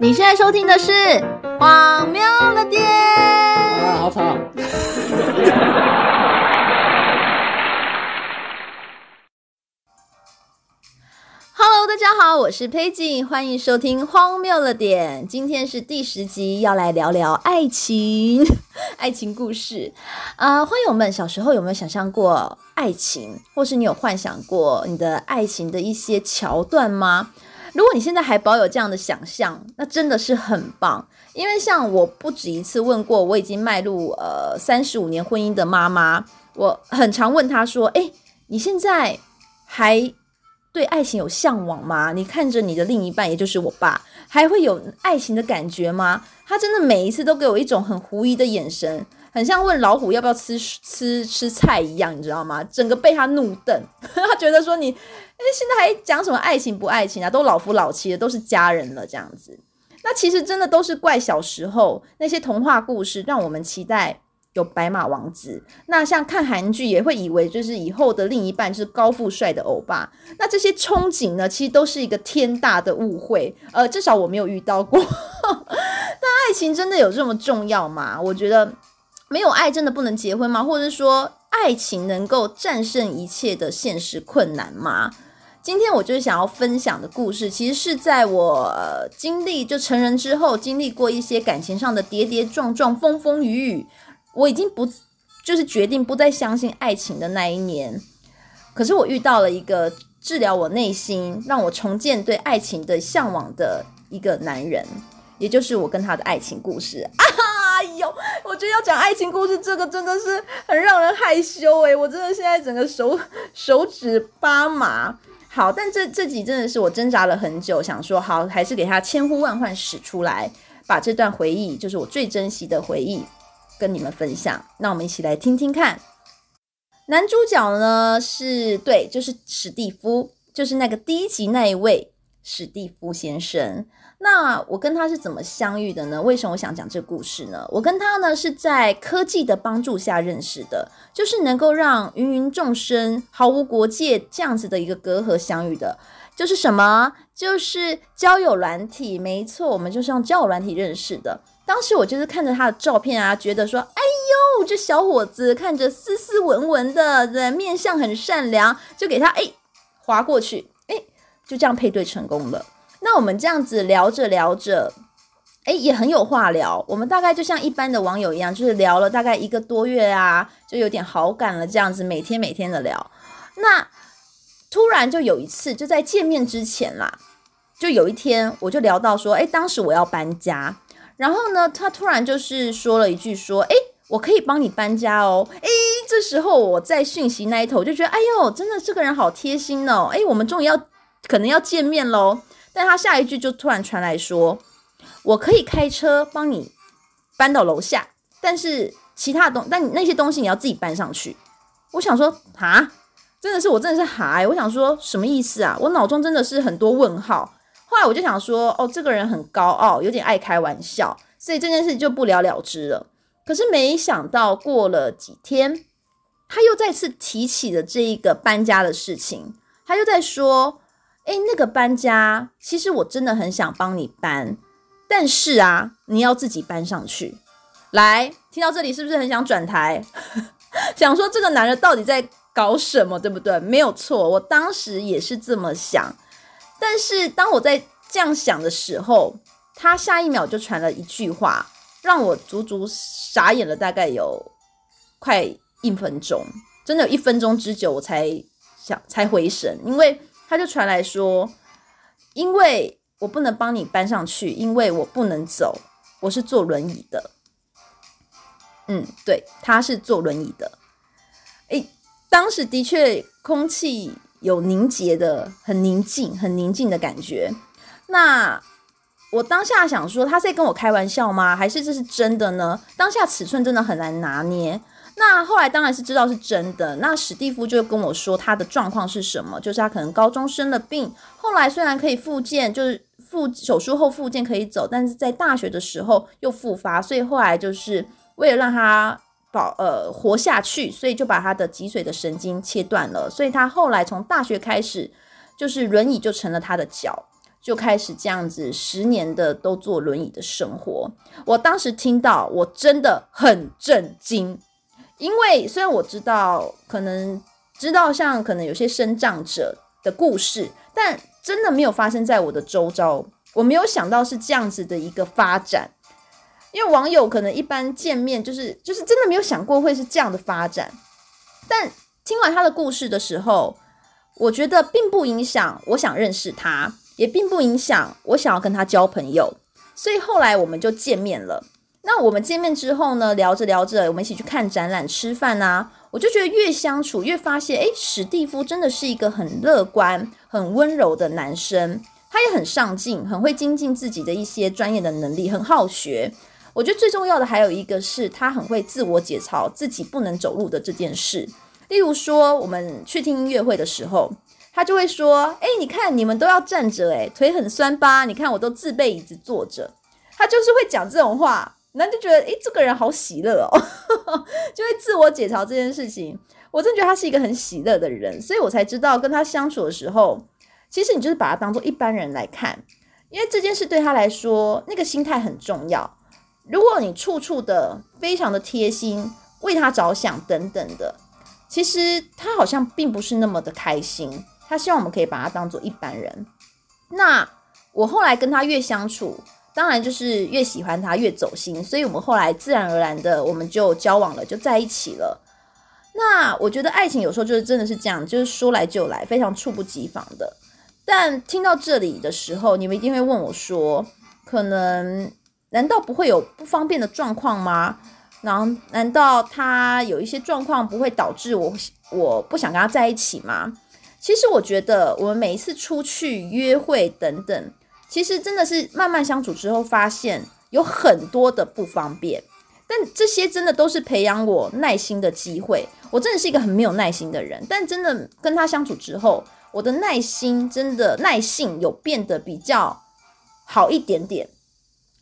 你現在收聽的是《荒謬了點》。啊，好吵！哈嘍， Hello, 大家好，我是佩吉，歡迎收聽《荒謬了點》。今天是第十集，要來聊聊愛情， 愛情故事。啊、呃，歡迎我們小時候有沒有想象過愛情，或是你有幻想過你的愛情的一些橋段嗎？如果你現在還保有這樣的想象，那真的是很棒。因為像我不止一次問過我已經邁入呃三十五年婚姻的媽媽，我很常問她說：“誒，你現在還對愛情有向往嗎？你看着你的另一半，也就是我爸，還會有愛情的感覺嗎？”她真的每一次都給我一種很狐疑的眼神。很像問老虎要不要吃吃吃菜一樣，你知道嗎？整個被他怒瞪，呵呵，他覺得說你，欸，現在還講什麼愛情不愛情啊？都老夫老妻的，都是家人了這樣子。那其實真的都是怪小時候那些童話故事，讓我們期待有白馬王子。那像看韓劇也會以為就是以後的另一半是高富帥的歐巴。那這些憧憬呢，其實都是一個天大的誤會。呃，至少我沒有遇到過。 那愛情真的有這麼重要嗎？我覺得。沒有愛真的不能結婚嗎？或者說愛情能夠戰勝一切的現實困難嗎？今天我就是想要分享的故事，其實是在我經歷就成人之後，經歷過一些感情上的跌跌撞撞、風風雨雨，我已經不就是決定不再相信愛情的那一年。可是我遇到了一個治療我內心、讓我重建對愛情的向往的一個男人，也就是我跟他的愛情故事啊。 哎呦，我覺得要講愛情故事，這個真的是很讓人害羞哎、欸！我真的現在整個手手指發麻。好，但這這集真的是我掙扎了很久，想說好還是給他千呼萬喚使出來，把這段回憶，就是我最珍惜的回憶，跟你們分享。那我們一起來聽聽看。男主角呢，是對，就是史蒂夫，就是那個第一集那一位史蒂夫先生。那我跟他是怎麼相遇的呢？為什麼我想講這個故事呢？我跟他呢是在科技的幫助下認識的，就是能夠讓芸芸眾生毫無國界這樣子的一個隔閡相遇的，就是什麼？就是交友軟體，沒錯，我們就是用交友軟體認識的。當時我就是看着他的照片啊，覺得說，哎呦，這小伙子看着斯斯文文的，對，面相很善良，就給他，哎，劃過去，哎，就這樣配對成功了。那我們這樣子聊着聊着，欸，也很有話聊。我們大概就像一般的網友一樣，就是聊了大概一個多月啊，就有點好感了。這樣子每天每天的聊，那突然就有一次，就在見面之前啦，就有一天我就聊到說，欸，當時我要搬家，然後呢，他突然就是說了一句，說，欸，我可以幫你搬家哦。欸，這時候我在訊息那一頭就覺得，哎呦，真的這個人好貼心哦。欸，我們終於要可能要見面嘍。但他下一句就突然傳來說：“我可以開車幫你搬到樓下，但是其他東，但那些東西你要自己搬上去。”我想說哈，真的是我真的是哈、欸、我想說什麼意思啊？我腦中真的是很多問號。後來我就想說，哦，這個人很高傲，有點愛開玩笑，所以這件事就不了了之了。可是沒想到過了幾天，他又再次提起了這一個搬家的事情，他又在說。誒，那個搬家，其實我真的很想幫你搬，但是啊，你要自己搬上去。來，聽到這裡是不是很想轉台？ 想說這個男人到底在搞什麼，對不對？沒有錯，我當時也是這麼想。但是當我在這樣想的時候，他下一秒就傳了一句話，讓我足足傻眼了，大概有快一分鐘，真的有一分鐘之久，我才想才回神，因為。他就傳來說，因為我不能幫你搬上去，因為我不能走，我是坐輪椅的。嗯，對，他是坐輪椅的。誒、欸，當時的確空氣有凝結的，很寧靜，很寧靜的感覺。那我當下想說，他在跟我開玩笑嗎？還是這是真的呢？當下尺寸真的很難拿捏。那後來當然是知道是真的。那史蒂夫就跟我說他的狀況是什麼，就是他可能高中生了病，後來雖然可以復健，就是復手術後復健可以走，但是在大學的時候又復發，所以後來就是為了讓他保呃活下去，所以就把他的脊髓的神經切斷了。所以他後來從大學開始就是輪椅就成了他的腳，就開始這樣子十年的都坐輪椅的生活。我當時聽到我真的很震驚。因為雖然我知道，可能知道像可能有些身障者的故事，但真的沒有發生在我的周遭。我沒有想到是這樣子的一個發展，因為網友可能一般見面就是，就是真的沒有想過會是這樣的發展。但聽完他的故事的時候，我覺得並不影響我想認識他，也並不影響我想要跟他交朋友，所以後來我們就見面了。那我們見面之後呢，聊着聊着，我們一起去看展覽、吃飯啊，我就覺得越相處越發現，誒，史弟夫真的是一個很樂觀、很溫柔的男生，他也很上進，很會精進自己的一些專業的能力，很好學。我覺得最重要的還有一個是他很會自我解嘲自己不能走路的這件事。例如說，我們去聽音樂會的時候，他就會說：“誒，你看你們都要站着，誒，腿很酸吧？你看我都自備椅子坐着。”他就是會講這種話。男就覺得，誒、欸，這個人好喜樂哦， 就會自我解嘲這件事情。我真的覺得他是一個很喜樂的人，所以我才知道跟他相處的時候，其實你就是把他當做一般人來看，因為這件事對他來說，那個心態很重要。如果你處處的非常的貼心，為他着想等等的，其實他好像並不是那麼的開心。他希望我們可以把他當做一般人。那我後來跟他越相處。當然，就是越喜歡他越走心，所以我們後來自然而然的我們就交往了，就在一起了。那我覺得愛情有時候就是真的是這樣，就是說來就來，非常猝不及防的。但聽到這裡的時候，你們一定會問我說，可能難道不會有不方便的狀況嗎？然後，難道他有一些狀況不會導致我我不想跟他在一起嗎？其實我覺得我們每一次出去約會等等。其實真的是慢慢相處之後，發現有很多的不方便，但這些真的都是培養我耐心的機會。我真的是一個很沒有耐心的人，但真的跟他相處之後，我的耐心真的耐性有變得比較好一點點。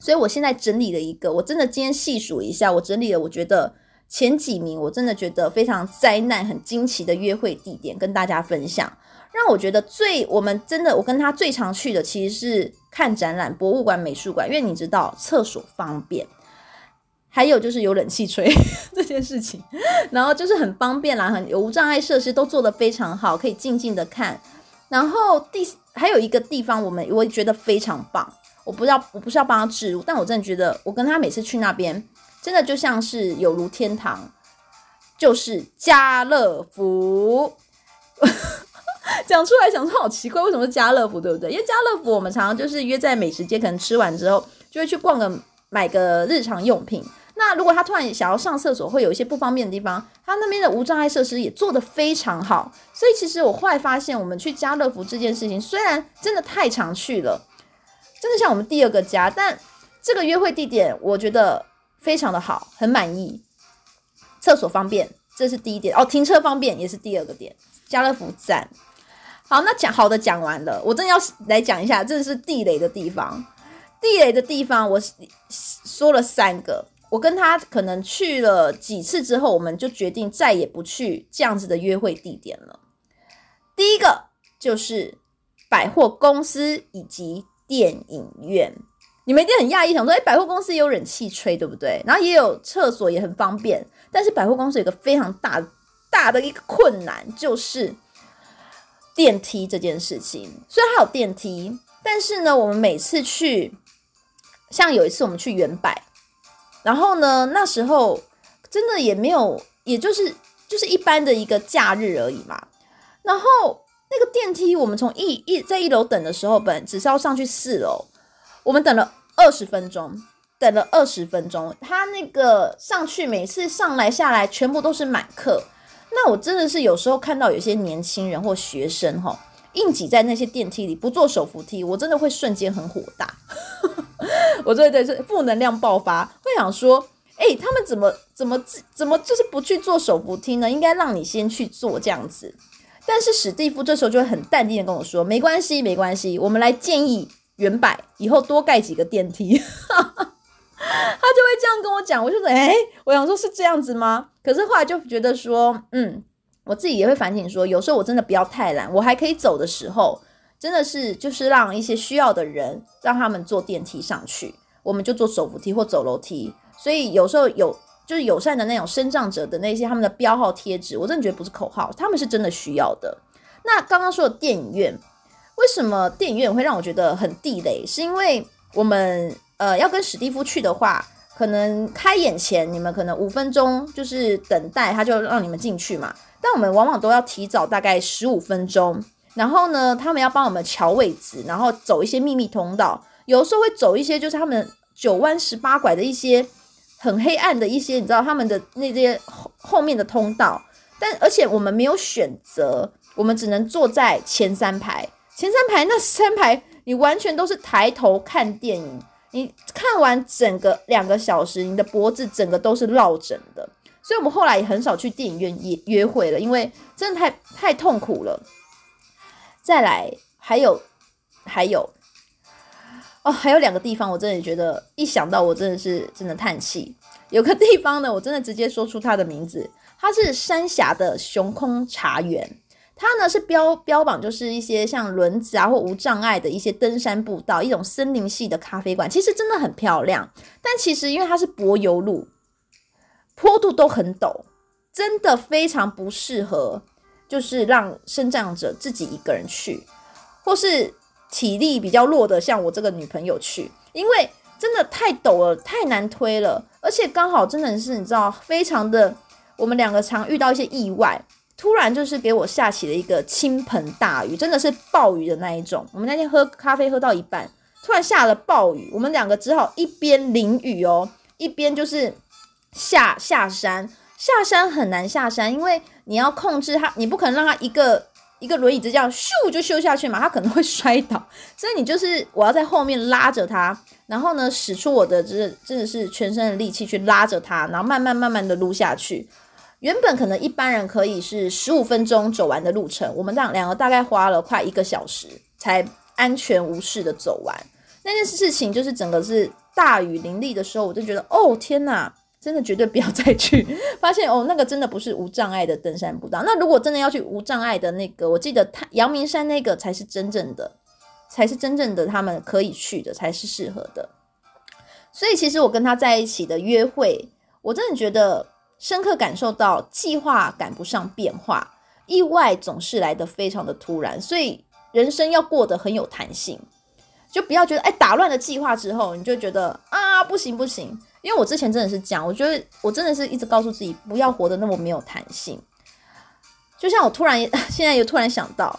所以我現在整理了一個，我真的今天細數一下，我整理了我覺得前幾名，我真的覺得非常災難、很驚奇的約會地點，跟大家分享。讓我覺得最，我們真的，我跟他最常去的其實是看展覽、博物館、美術館，因為你知道廁所方便，還有就是有冷氣吹 這件事情，然後就是很方便啦，很有無障礙設施都做得非常好，可以靜靜的看。然後第還有一個地方，我們我覺得非常棒，我不知道我不是要幫他植入，但我真的覺得我跟他每次去那邊，真的就像是有如天堂，就是家樂福。 講出來，講出來，好奇怪，為什麼是家樂福，對不對？因為家樂福，我們常常就是約在美食街，可能吃完之後就會去逛個、買個日常用品。那如果他突然想要上廁所，會有一些不方便的地方。他那邊的無障礙設施也做得非常好。所以其實我後來發現，我們去家樂福這件事情，雖然真的太常去了，真的像我們第二個家，但這個約會地點我覺得非常的好，很滿意。廁所方便，這是第一點哦。停車方便也是第二個點。家樂福站。讚。好，那講好的講完了，我真的要來講一下，這是地雷的地方。地雷的地方我，我說了三個，我跟他可能去了幾次之後，我們就決定再也不去這樣子的約會地點了。第一個就是百貨公司以及電影院，你們一定很訝異，想說，哎、欸，百貨公司也有冷氣吹，對不對？然後也有廁所，也很方便。但是百貨公司有一個非常大大的一個困難，就是。電梯這件事情，雖然它有電梯，但是呢，我們每次去，像有一次我們去遠百，然後呢，那時候真的也沒有，也就是就是一般的一個假日而已嘛。然後那個電梯，我們從一一在一樓等的時候，本只是要上去四樓，我們等了二十分鐘，等了二十分鐘，他那個上去每次上來下來全部都是滿客。那我真的是有時候看到有些年輕人或學生哈、哦，硬擠在那些電梯裡，不坐手扶梯，我真的會瞬間很火大， 我就會對是負能量爆發，會想說，哎、欸，他們怎麼怎麼怎麼就是不去坐手扶梯呢？應該讓你先去坐這樣子。但是史蒂夫這時候就會很淡定的跟我說，沒關係，沒關係，我們來建議原柏以後多蓋幾個電梯。 他就會這樣跟我講，我就哎、是欸，我想說，是這樣子嗎？可是後來就覺得說，嗯，我自己也會反省說，有時候我真的不要太懶，我還可以走的時候，真的是就是讓一些需要的人，讓他們坐電梯上去，我們就坐手扶梯或走樓梯。所以有時候有就是友善的那種身障者的那些他們的標號貼紙，我真的覺得不是口號，他們是真的需要的。那剛剛說的電影院，為什麼電影院會讓我覺得很地雷？是因為我們。呃，要跟史蒂夫去的話，可能開演前你們可能五分鐘就是等待，他就讓你們進去嘛。但我們往往都要提早大概十五分鐘，然後呢，他們要幫我們喬位置，然後走一些秘密通道，有時候會走一些就是他們九彎十八拐的一些很黑暗的一些，你知道他們的那些後後面的通道。但而且我們沒有選擇，我們只能坐在前三排，前三排那三排你完全都是抬頭看電影。你看完整個兩個小時，你的脖子整個都是落枕的，所以我們後來也很少去電影院約約會了，因為真的太太痛苦了。再來，還有還有哦，還有兩個地方，我真的覺得一想到我真的是真的嘆氣。有個地方呢，我真的直接說出它的名字，它是三峽的熊空茶園。它呢是標標榜，就是一些像輪椅啊、或無障礙的一些登山步道，一種森林系的咖啡館，其實真的很漂亮。但其實因為它是柏油路，坡度都很陡，真的非常不適合，就是讓身障者自己一個人去，或是體力比較弱的，像我這個女朋友去，因為真的太陡了，太難推了，而且剛好真的是你知道，非常的，我們兩個常遇到一些意外。突然就是給我下起了一個傾盆大雨，真的是暴雨的那一種。我們那天喝咖啡喝到一半，突然下了暴雨，我們兩個只好一邊淋雨哦，一邊就是下下山。下山很難下山，因為你要控制它，你不可能讓它一個一個輪椅子這樣咻就咻下去嘛，它可能會摔倒。所以你就是我要在後面拉着它，然後呢使出我的這真的是全身的力氣去拉着它，然後慢慢慢慢的擼下去。原本可能一般人可以是十五分鐘走完的路程，我們兩個大概花了快一個小時才安全無事的走完。那件事情就是整個是大雨淋漓的時候，我就覺得哦天哪，真的絕對不要再去。發現，哦那個真的不是無障礙的登山步道。那如果真的要去無障礙的那個，我記得他，陽明山那個才是真正的，才是真正的他們可以去的，才是適合的。所以其實我跟他在一起的約會，我真的覺得。深刻感受到計劃趕不上變化，意外總是來得非常的突然，所以人生要過得很有彈性，就不要覺得哎、欸、打亂了計劃之後，你就覺得啊，不行不行，因為我之前真的是這樣，我覺得我真的是一直告訴自己不要活得那麼沒有彈性，就像我突然現在又突然想到，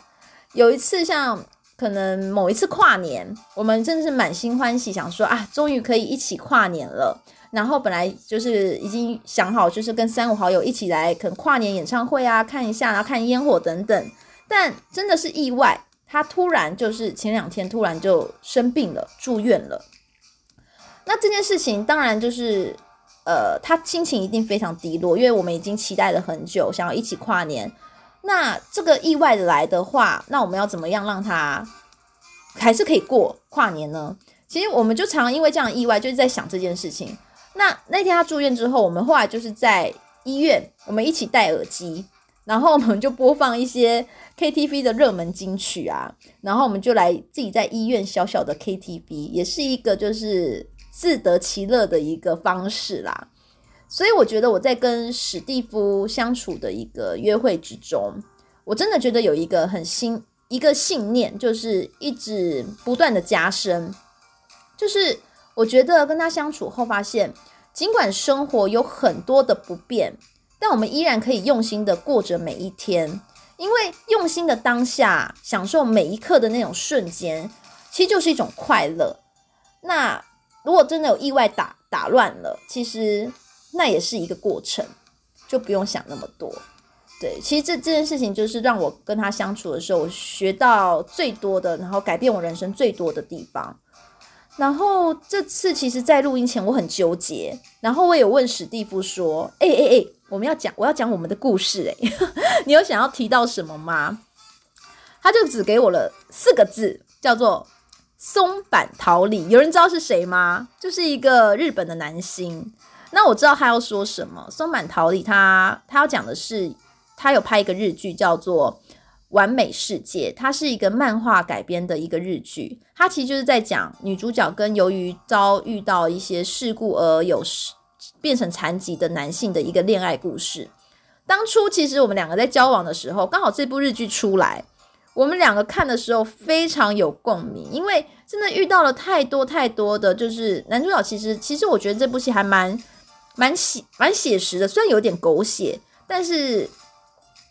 有一次像可能某一次跨年，我們真的是滿心歡喜想說啊，終於可以一起跨年了。然後本來就是已經想好，就是跟三五好友一起來，可能跨年演唱會啊，看一下，然後看煙火等等。但真的是意外，他突然就是前兩天突然就生病了，住院了。那這件事情當然就是，呃，他心情一定非常低落，因為我們已經期待了很久，想要一起跨年。那這個意外的來的話，那我們要怎麼樣讓他還是可以過跨年呢？其實我們就常常因為這樣的意外，就是在想這件事情。那那天他住院之後，我們後來就是在醫院，我們一起戴耳機，然後我們就播放一些 KTV 的熱門金曲啊，然後我們就來自己在醫院小小的 KTV，也是一個就是自得其樂的一個方式啦。所以我覺得我在跟史弟夫相處的一個約會之中，我真的覺得有一個很新，一個信念，就是一直不斷的加深，就是。我覺得跟他相處後，發現儘管生活有很多的不便，但我們依然可以用心的過着每一天。因為用心的當下，享受每一刻的那種瞬間，其實就是一種快樂。那如果真的有意外打打亂了，其實那也是一個過程，就不用想那麼多。對，其實這這件事情就是讓我跟他相處的時候，學到最多的，然後改變我人生最多的地方。然後這次其實，在錄音前我很糾結，然後我有問史弟夫說：“誒誒誒，我們要講，我要講我們的故事、欸，誒，你有想要提到什麼嗎？”他就只給我了四個字，叫做“松坂桃李”。有人知道是誰嗎？就是一個日本的男星。那我知道他要說什麼。松坂桃李，他他要講的是，他有拍一個日劇，叫做。完美世界，它是一個漫畫改編的一個日劇，它其實就是在講女主角跟由於遭遇到一些事故而有變成殘疾的男性的一個戀愛故事。當初其實我們兩個在交往的時候，剛好這部日劇出來，我們兩個看的時候非常有共鳴，因為真的遇到了太多太多的，就是男主角其實其實我覺得這部戲還蠻蠻寫蠻寫實的，雖然有點狗血，但是。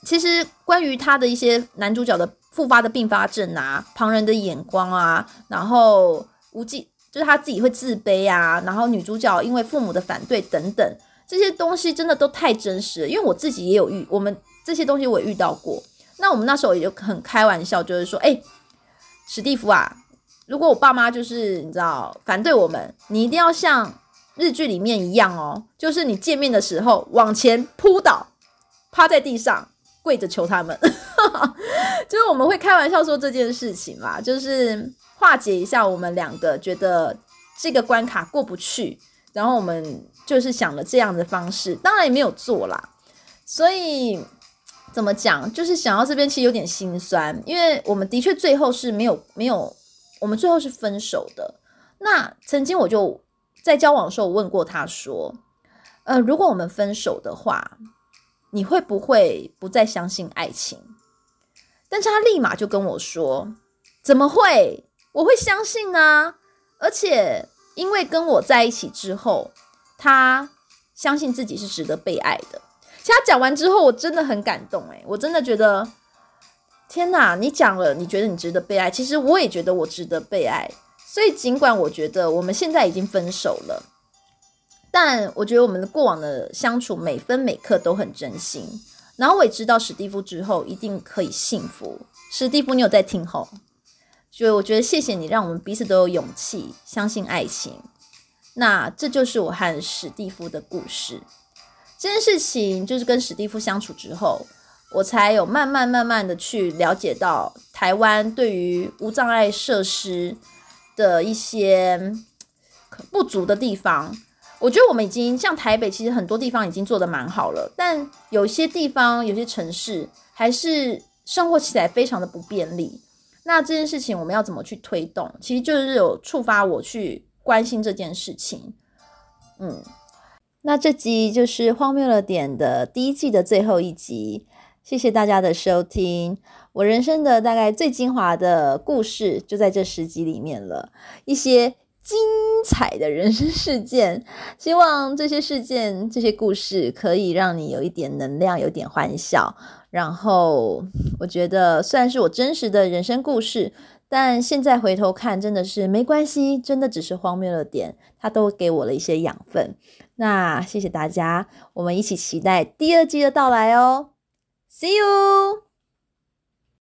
其實關於他的一些男主角的復發的併發症啊、旁人的眼光啊，然後無忌就是他自己會自卑啊，然後女主角因為父母的反對等等，這些東西真的都太真實了，因為我自己也有遇，我們這些東西我也遇到過。那我們那時候也就很開玩笑，就是說，哎、欸，史蒂夫啊，如果我爸媽就是你知道反對我們，你一定要像日劇裡面一樣哦，就是你見面的時候往前撲倒，趴在地上。跪着求他們， 就是我們會開玩笑說這件事情嘛，就是化解一下我們兩個覺得這個關卡過不去，然後我們就是想了這樣的方式，當然也沒有做啦。所以怎麼講，就是想到這邊其實有點心酸，因為我們的確最後是沒有沒有，我們最後是分手的。那曾經我就在交往的時候問過他說，呃，如果我們分手的話。你會不會不再相信愛情？但是他立馬就跟我說：“怎麼會？我會相信啊！而且因為跟我在一起之後，他相信自己是值得被愛的。”其實他講完之後，我真的很感動哎、欸，我真的覺得天哪！你講了，你覺得你值得被愛，其實我也覺得我值得被愛。所以儘管我覺得我們現在已經分手了。但我覺得我們的過往的相處，每分每刻都很真心，然後我也知道史弟夫之後一定可以幸福。史弟夫，你有在聽吼？所以我覺得謝謝你，讓我們彼此都有勇氣相信愛情。那這就是我和史弟夫的故事。這件事情就是跟史弟夫相處之後，我才有慢慢慢慢的去了解到台灣對於無障礙設施的一些不足的地方。我覺得我們已經像台北，其實很多地方已經做得蠻好了，但有些地方，有些城市還是生活起來非常的不便利。那這件事情我們要怎麼去推動？其實就是有觸發我去關心這件事情。嗯，那這集就是荒謬了點的第一季的最後一集。謝謝大家的收聽，我人生的大概最精華的故事就在這十集裡面了，一些，精彩的人生事件，希望這些事件，這些故事可以讓你有一點能量，有點歡笑。然後我覺得，雖然是我真實的人生故事，但現在回頭看，真的是沒關係，真的只是荒謬了點，它都給我了一些養分。那謝謝大家，我們一起期待第二季的到來哦。See you！